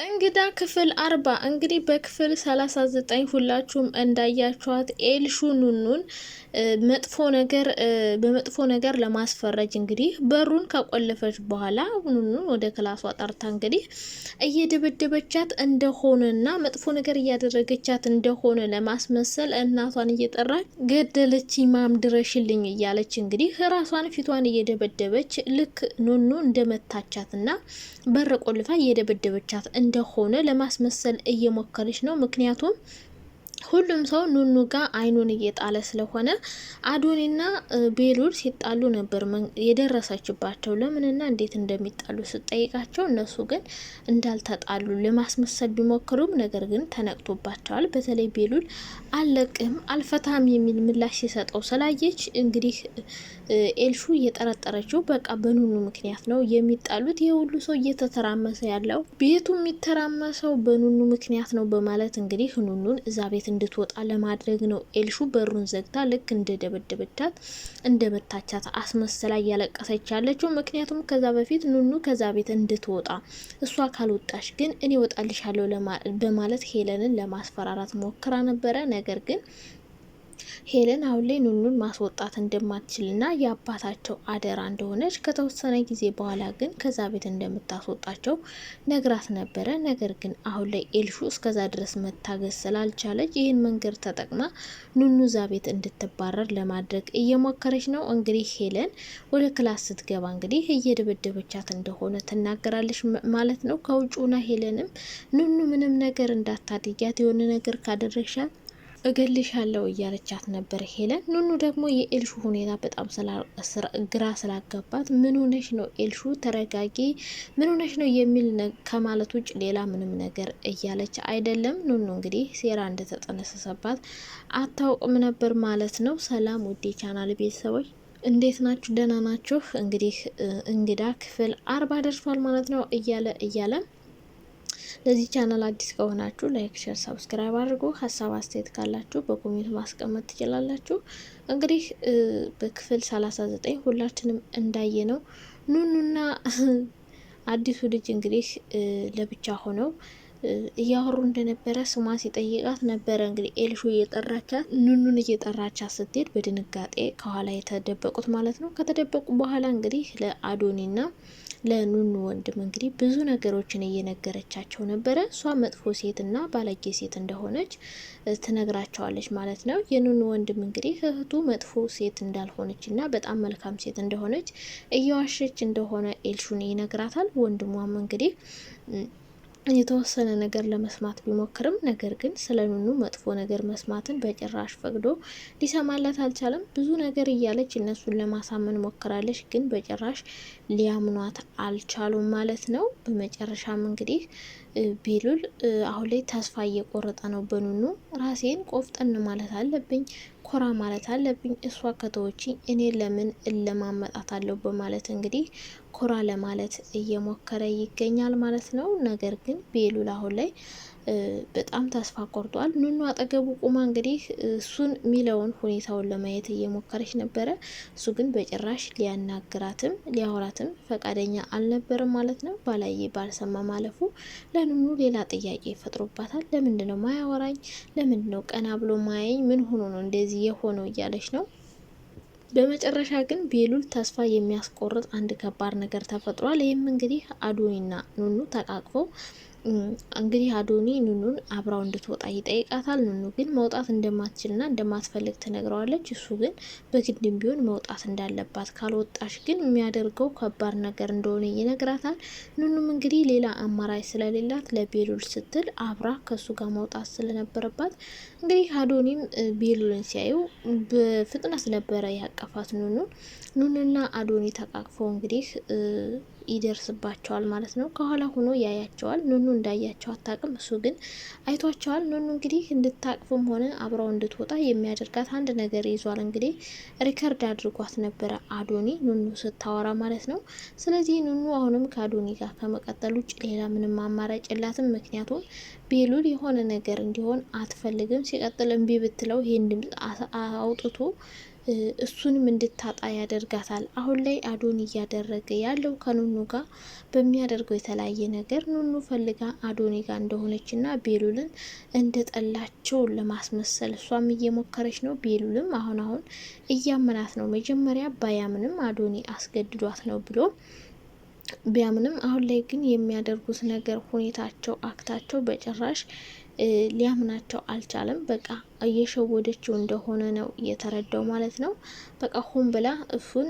a እንግዳ ክፍል አርባ እንግዲህ በክፍል ሰላሳ ዘጠኝ ሁላችሁም እንዳያችኋት ኤልሹ ኑኑን መጥፎ ነገር በመጥፎ ነገር ለማስፈረጅ እንግዲህ በሩን ከቆለፈች በኋላ ኑኑን ወደ ክላሷ ጠርታ እንግዲህ እየደበደበቻት እንደሆነና መጥፎ ነገር እያደረገቻት እንደሆነ ለማስመሰል እናቷን እየጠራች ገደለች ማም ድረሽልኝ እያለች እንግዲህ ራሷን ፊቷን እየደበደበች ልክ ኑኑ እንደመታቻትና በር ቆልፋ እየደበደበቻት እንደ እንደሆነ ለማስመሰል እየሞከረች ነው። ምክንያቱም ሁሉም ሰው ኑኑ ጋር አይኑን እየጣለ ስለሆነ አዶኔና ቤሉል ሲጣሉ ነበር የደረሰችባቸው። ለምንና እንዴት እንደሚጣሉ ስጠይቃቸው እነሱ ግን እንዳልተጣሉ ለማስመሰል ቢሞክሩም ነገር ግን ተነቅቶባቸዋል። በተለይ ቤሉል አለቅም አልፈታም የሚል ምላሽ ሲሰጠው ስላየች እንግዲህ ኤልሹ እየጠረጠረችው በቃ በኑኑ ምክንያት ነው የሚጣሉት። ይህ ሁሉ ሰው እየተተራመሰ ያለው ቤቱ የሚተራመሰው በኑኑ ምክንያት ነው በማለት እንግዲህ ኑኑን እዛ ቤት እንድትወጣ ለማድረግ ነው። ኤልሹ በሩን ዘግታ ልክ እንደ እንደመታቻት አስመሰላ እያለቀሰች ያለችው ምክንያቱም ከዛ በፊት ኑኑ ከዛ ቤት እንድትወጣ እሷ ካልወጣሽ ግን እኔ ወጣልሻለሁ በማለት ሄለንን ለማስፈራራት ሞክራ ነበረ ነገር ግን ሄለን አሁን ላይ ኑኑን ማስወጣት እንደማትችልና የአባታቸው አደራ እንደሆነች ከተወሰነ ጊዜ በኋላ ግን ከዛ ቤት እንደምታስወጣቸው ነግራት ነበረ። ነገር ግን አሁን ላይ ኤልሹ እስከዛ ድረስ መታገዝ ስላልቻለች ይህን መንገድ ተጠቅማ ኑኑ ዛ ቤት እንድትባረር ለማድረግ እየሞከረች ነው። እንግዲህ ሄለን ወደ ክላስ ስትገባ እንግዲህ እየደበደበቻት እንደሆነ ትናገራለች ማለት ነው። ከውጭ ሆና ሄለንም ኑኑ ምንም ነገር እንዳታድያት የሆነ ነገር ካደረግሻል እገልሻለሁ እያለቻት ነበር ሄለን። ኑኑ ደግሞ የኤልሹ ሁኔታ በጣም ግራ ስላጋባት ምን ሆነሽ ነው ኤልሹ ተረጋጊ፣ ምን ሆነሽ ነው የሚል ከማለት ውጭ ሌላ ምንም ነገር እያለች አይደለም። ኑኑ እንግዲህ ሴራ እንደተጠነሰሰባት አታውቅም ነበር ማለት ነው። ሰላም ውዴ ቻናል ቤተሰቦች እንዴት ናችሁ? ደህና ናችሁ? እንግዲህ እንግዳ ክፍል አርባ ደርሷል ማለት ነው እያለ እያለ ለዚህ ቻናል አዲስ ከሆናችሁ ላይክ፣ ሸር፣ ሰብስክራይብ አድርጉ። ሀሳብ አስተያየት ካላችሁ በኮሜንት ማስቀመጥ ትችላላችሁ። እንግዲህ በክፍል 39 ሁላችንም እንዳየ ነው ኑኑና አዲሱ ልጅ እንግዲህ ለብቻ ሆነው እያወሩ እንደነበረ ስሟ ሲጠይቃት ነበረ። እንግዲህ ኤልሹ እየጠራቻት ኑኑን እየጠራቻት ስትሄድ በድንጋጤ ከኋላ የተደበቁት ማለት ነው። ከተደበቁ በኋላ እንግዲህ ለአዶኒና ለኑኑ ወንድም እንግዲህ ብዙ ነገሮችን እየነገረቻቸው ነበረ። እሷ መጥፎ ሴትና ባለጌ ሴት እንደሆነች ትነግራቸዋለች ማለት ነው። የኑኑ ወንድም እንግዲህ እህቱ መጥፎ ሴት እንዳልሆነችና በጣም መልካም ሴት እንደሆነች እየዋሸች እንደሆነ ኤልሹን ይነግራታል። ወንድሟም እንግዲህ የተወሰነ ነገር ለመስማት ቢሞክርም ነገር ግን ስለ ኑኑ መጥፎ ነገር መስማትን በጭራሽ ፈቅዶ ሊሰማላት አልቻለም። ብዙ ነገር እያለች እነሱን ለማሳመን ሞክራለች፣ ግን በጭራሽ ሊያምኗት አልቻሉም ማለት ነው። በመጨረሻም እንግዲህ ቤሉል አሁን ላይ ተስፋ እየቆረጠ ነው በኑኑ። ራሴን ቆፍጠን ማለት አለብኝ ኮራ ማለት አለብኝ። እሷ ከተወች እኔ ለምን አለው በማለት እንግዲህ ኮራ ለማለት እየሞከረ ይገኛል ማለት ነው። ነገር ግን ቤሉል አሁን ላይ በጣም ተስፋ ቆርጧል። ኑኑ አጠገቡ ቁማ እንግዲህ እሱን የሚለውን ሁኔታውን ለማየት እየሞከረች ነበረ። እሱ ግን በጭራሽ ሊያናግራትም ሊያወራትም ፈቃደኛ አልነበርም ማለት ነው። ባላየ ባልሰማ ማለፉ ለኑኑ ሌላ ጥያቄ ይፈጥሮባታል። ለምንድነው ነው ማያወራኝ? ለምንድነው ነው ቀና ብሎ ማያኝ? ምን ሆኖ ነው እንደዚህ የሆነው? እያለች ነው በመጨረሻ ግን ቤሉል ተስፋ የሚያስቆርጥ አንድ ከባድ ነገር ተፈጥሯል። ይህም እንግዲህ አዶኒና ኑኑ ተቃቅፈው እንግዲህ አዶኒ ኑኑን አብራው እንድትወጣ ይጠይቃታል። ኑኑ ግን መውጣት እንደማትችልና እንደማትፈልግ ትነግረዋለች። እሱ ግን በግድም ቢሆን መውጣት እንዳለባት ካልወጣሽ ግን የሚያደርገው ከባድ ነገር እንደሆነ ይነግራታል። ኑኑም እንግዲህ ሌላ አማራጭ ስለሌላት ለቤሉል ስትል አብራ ከሱ ጋር መውጣት ስለነበረባት እንግዲህ አዶኒም ቤሉልን ሲያዩ በፍጥነት ነበረ ያቀፋት ኑኑን። ኑኑና አዶኒ ተቃቅፈው እንግዲህ ይደርስባቸዋል ማለት ነው። ከኋላ ሆኖ ያያቸዋል። ኑኑ እንዳያቸው አታቅም፣ እሱ ግን አይቷቸዋል። ኑኑ እንግዲህ እንድታቅፍም ሆነ አብረው እንድትወጣ የሚያደርጋት አንድ ነገር ይዟል። እንግዲህ ሪከርድ አድርጓት ነበረ አዶኒ ኑኑ ስታወራ ማለት ነው። ስለዚህ ኑኑ አሁንም ከአዶኒ ጋር ከመቀጠል ውጭ ሌላ ምንም አማራጭ የላትም። ምክንያቱም ቤሉል የሆነ ነገር እንዲሆን አትፈልግም። ሲቀጥል እምቢ ብትለው ይህን ድምፅ አውጥቶ እሱንም እንድታጣ ያደርጋታል። አሁን ላይ አዶን እያደረገ ያለው ከኑኑ ጋር በሚያደርገው የተለያየ ነገር ኑኑ ፈልጋ አዶኔ ጋር እንደሆነች እና ቤሉልን ጠላቸው ለማስመሰል እሷም እየሞከረች ነው። ቤሉልም አሁን አሁን እያመናት ነው። መጀመሪያ ባያምንም አዶኔ አስገድዷት ነው ብሎ ቢያምንም አሁን ላይ ግን የሚያደርጉት ነገር ሁኔታቸው፣ አክታቸው በጭራሽ ሊያምናቸው አልቻለም። በቃ እየሸወደችው እንደሆነ ነው እየተረዳው ማለት ነው። በቃ ሁን ብላ እሱን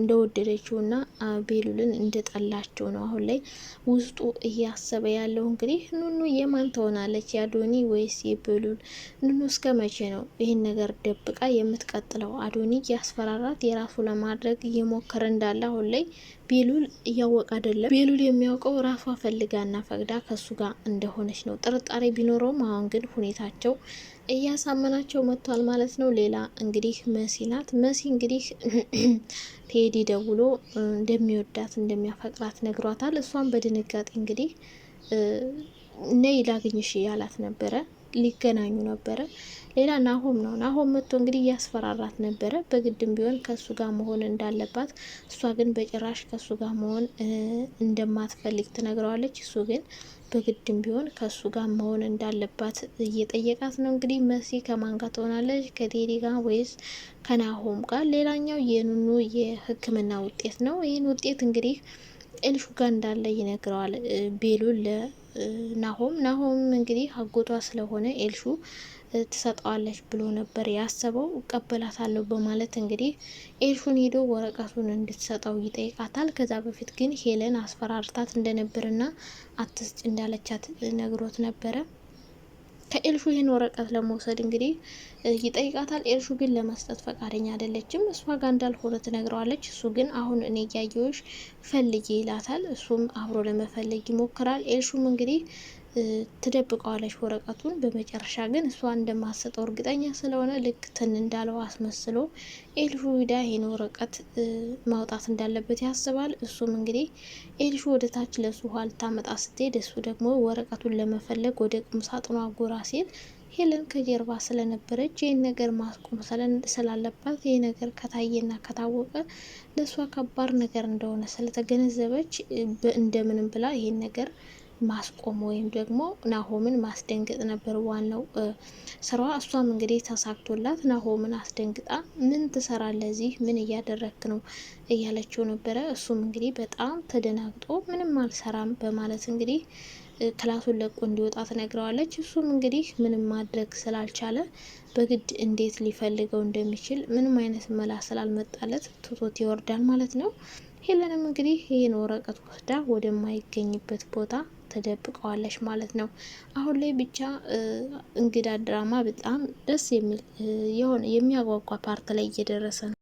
እንደወደደችው ና ቤሉልን እንደጠላቸው ነው አሁን ላይ ውስጡ እያሰበ ያለው። እንግዲህ ኑኑ የማን ትሆናለች? የአዶኒ ወይስ የቤሉል? ኑኑ እስከ መቼ ነው ይህን ነገር ደብቃ የምትቀጥለው? አዶኒ ያስፈራራት የራሱ ለማድረግ እየሞከረ እንዳለ አሁን ላይ ቤሉል እያወቀ አይደለም። ቤሉል የሚያውቀው ራሷ ፈልጋና ፈቅዳ ከሱ ጋር እንደሆነች ነው። ጥርጣሬ ቢኖረውም አሁን ግን ሁኔታቸው እያሳመናቸው መጥቷል ማለት ነው። ሌላ እንግዲህ መሲ ናት። መሲ እንግዲህ ቴዲ ደውሎ እንደሚወዳት እንደሚያፈቅራት ነግሯታል። እሷም በድንጋጤ እንግዲህ ነይ ላግኝሽ እያላት ነበረ። ሊገናኙ ነበረ። ሌላ ናሆም ነው። ናሆም መጥቶ እንግዲህ እያስፈራራት ነበረ። በግድም ቢሆን ከእሱ ጋር መሆን እንዳለባት፣ እሷ ግን በጭራሽ ከእሱ ጋር መሆን እንደማትፈልግ ትነግረዋለች። እሱ ግን በግድም ቢሆን ከሱ ጋር መሆን እንዳለባት እየጠየቃት ነው። እንግዲህ መሲ ከማን ጋር ትሆናለች? ከቴዲ ጋር ወይስ ከናሆም ጋር? ሌላኛው የኑኑ የሕክምና ውጤት ነው። ይህን ውጤት እንግዲህ ኤልሹ ጋር እንዳለ ይነግረዋል ቤሉ ለናሆም። ናሆም እንግዲህ አጎቷ ስለሆነ ኤልሹ ትሰጠዋለች ብሎ ነበር ያሰበው። እቀበላታለሁ በማለት እንግዲህ ኤልሹን ሄዶ ወረቀቱን እንድትሰጠው ይጠይቃታል። ከዛ በፊት ግን ሄለን አስፈራርታት እንደነበርና አትስጭ እንዳለቻት ነግሮት ነበረ። ከኤልሹ ይህን ወረቀት ለመውሰድ እንግዲህ ይጠይቃታል። ኤልሹ ግን ለመስጠት ፈቃደኛ አይደለችም። እሷ ጋር እንዳልሆነ ትነግረዋለች። እሱ ግን አሁን እኔ እያየሁሽ ፈልጊ ይላታል። እሱም አብሮ ለመፈለግ ይሞክራል። ኤልሹም እንግዲህ ትደብቀዋለች ወረቀቱን። በመጨረሻ ግን እሷ እንደማሰጠው እርግጠኛ ስለሆነ ልክ ትን እንዳለው አስመስሎ ዳ ይህን ወረቀት ማውጣት እንዳለበት ያስባል። እሱም እንግዲህ ኤልሹ ወደ ታች ለሱ ውሃ ልታመጣ ስትሄድ እሱ ደግሞ ወረቀቱን ለመፈለግ ወደ ቁም ሳጥኗ ጎራ ሲል ሄለን ከጀርባ ስለነበረች ይህን ነገር ማስቆም ስላለባት ይህ ነገር ከታየና ከታወቀ ለእሷ ከባድ ነገር እንደሆነ ስለተገነዘበች እንደምንም ብላ ይህን ነገር ማስቆም ወይም ደግሞ ናሆምን ማስደንገጥ ነበር ዋናው ስራዋ። እሷም እንግዲህ ተሳክቶላት ናሆምን አስደንግጣ ምን ትሰራለህ እዚህ ምን እያደረክ ነው እያለችው ነበረ። እሱም እንግዲህ በጣም ተደናግጦ ምንም አልሰራም በማለት እንግዲህ ክላሱን ለቆ እንዲወጣ ትነግረዋለች። እሱም እንግዲህ ምንም ማድረግ ስላልቻለ በግድ እንዴት ሊፈልገው እንደሚችል ምንም አይነት መላ ስላልመጣለት ትቶት ይወርዳል ማለት ነው። ሄለንም እንግዲህ ይህን ወረቀት ወስዳ ወደማይገኝበት ቦታ ተደብቀዋለች ማለት ነው። አሁን ላይ ብቻ እንግዳ ድራማ በጣም ደስ የሚል የሆነ የሚያጓጓ ፓርት ላይ እየደረሰ ነው።